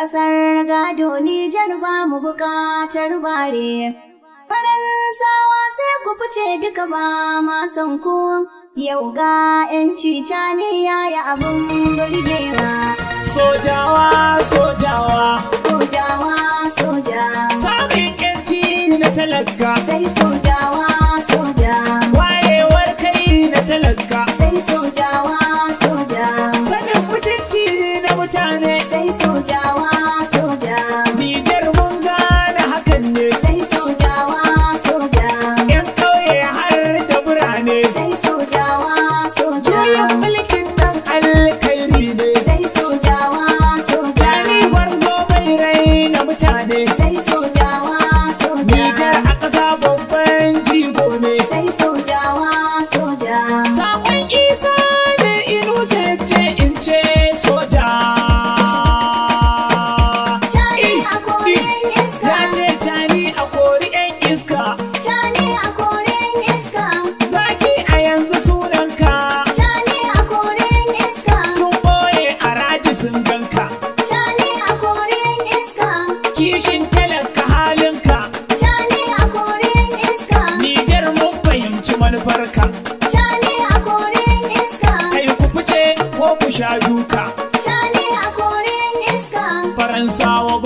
ƙasar gado Nijar ba mu buƙatar bare. Faransawa sai ku fice duka ba ma son ku, yau ga ‘yanci cani yaya abin burgewa. Sojawa, sojawa. Sojawa, soja. Samun ‘yanci na talaka. Sai sojawa. Pensało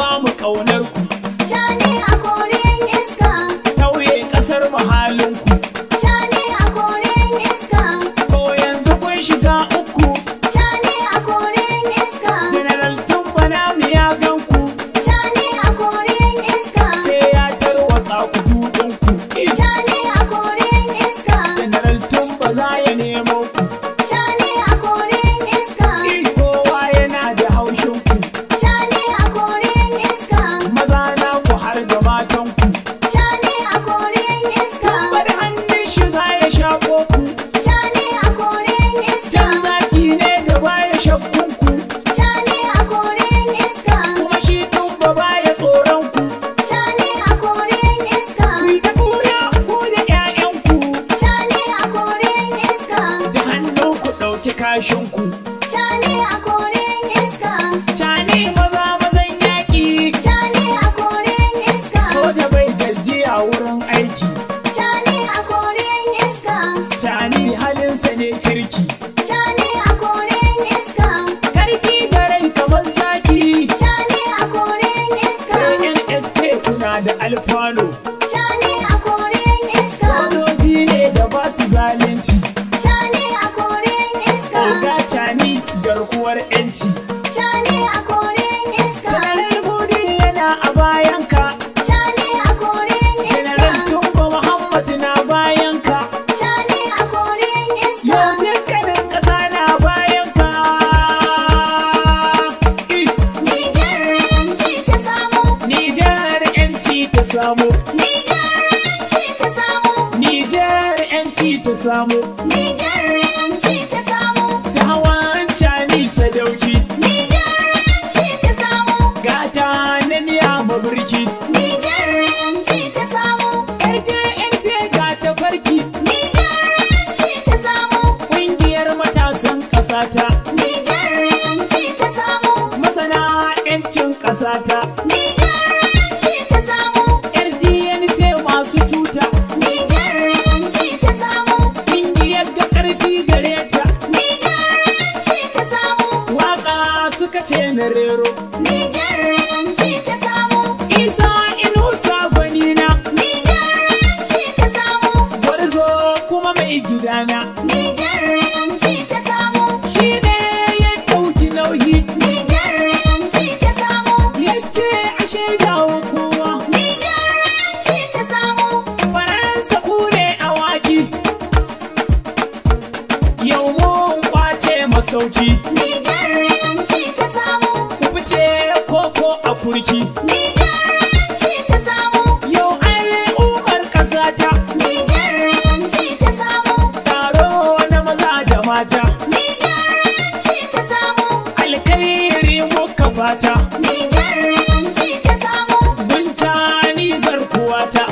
sabuwar 'yanci. Shani a korin iska. Ranar budi yana a bayanka. Shani a korin iska. General Tungo Muhammad na bayanka. Shani a korin iska. Yau dukkanin ƙasa na bayanka. Nijar 'yanci ta samu. Nijar 'yanci ta samu. Nijar 'yanci ta samu. Nijar 'yanci ta samu. ƙasata. Nijar ta samu. Masana yancin ƙasata. Nijar yanci ta samu. Yar GNP masu cuta. Nijar yanci ta samu. Ƙungiyar ga ƙarfi gare ta. Nijar yanci ta samu. Waƙa suka ce na rero. Nijar yanci ta samu. Isa inusa gwanina. Nijar yanci ta samu. Gwarzo kuma mai gida na. sauki Nijar yanci ta samu ku fice koko a kurki Nijar ta samu yau al'ummar ƙasa ta Nijar ta samu taro na maza da mata Nijar ta samu Alkairi muka fata Nijar ta samu bunta ni garkuwa ta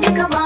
come on.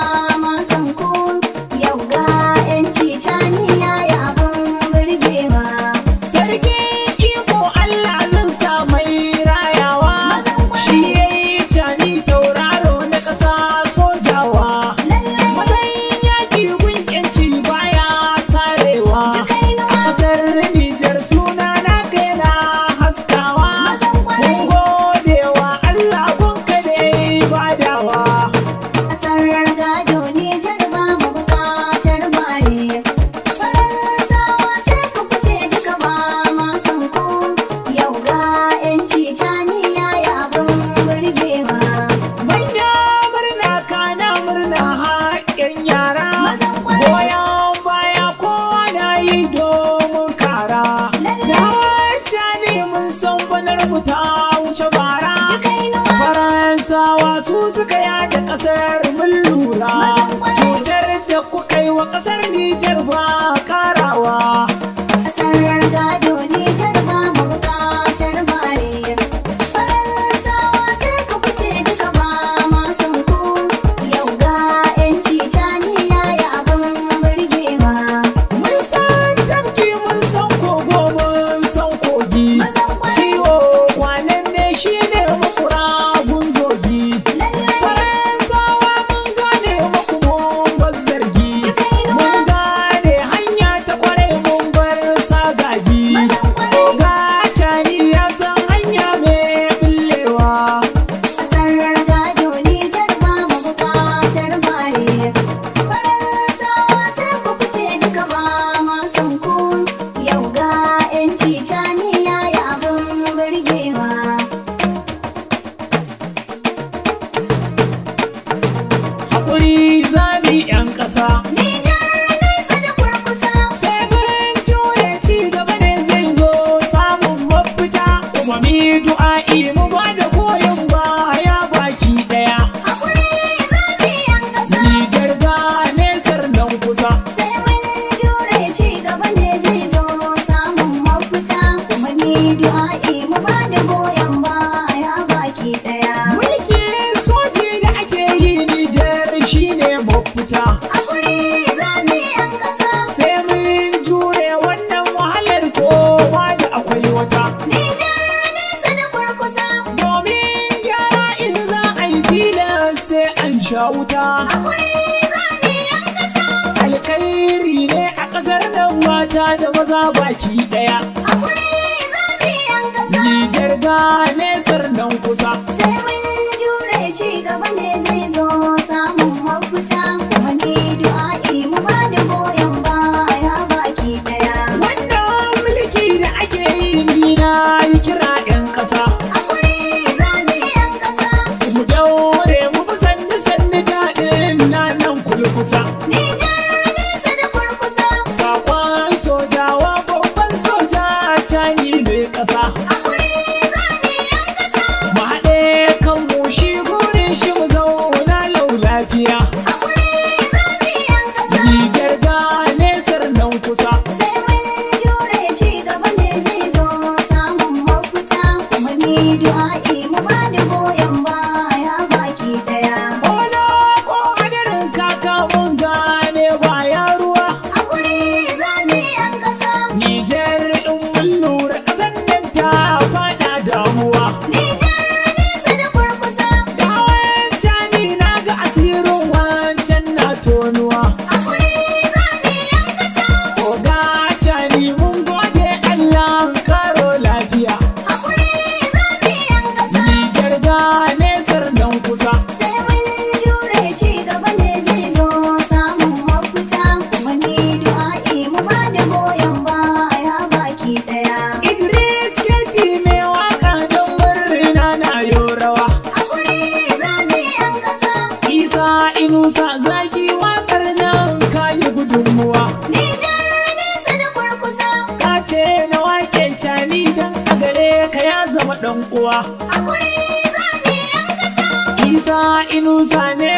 ƙasa baki ɗaya. Hakuri Nijar ga nesar nan kusa. Sai mun jure ci gaba ne zai zo samun mafita. Kuma ni du'a'i mu ba da goyon baya baki ɗaya. Wannan mulki da ake yi ni na yi kira 'yan ƙasa. Hakuri zamiyan ƙasa. Mu daure mu fi sanni sanni daɗin na nan kulkusa. Nijar ƙasa. Akwai zaniyan ƙasa. Mu haɗe kan mu shi burin shi mu lau lafiya. Akwai zaniyan ƙasa. Nijar ga nesar nan kusa. Sai mun jure ci gaba ne zai zo samun mafita kuma ni Akwai A kuri 'yan ƙasa. inu zane.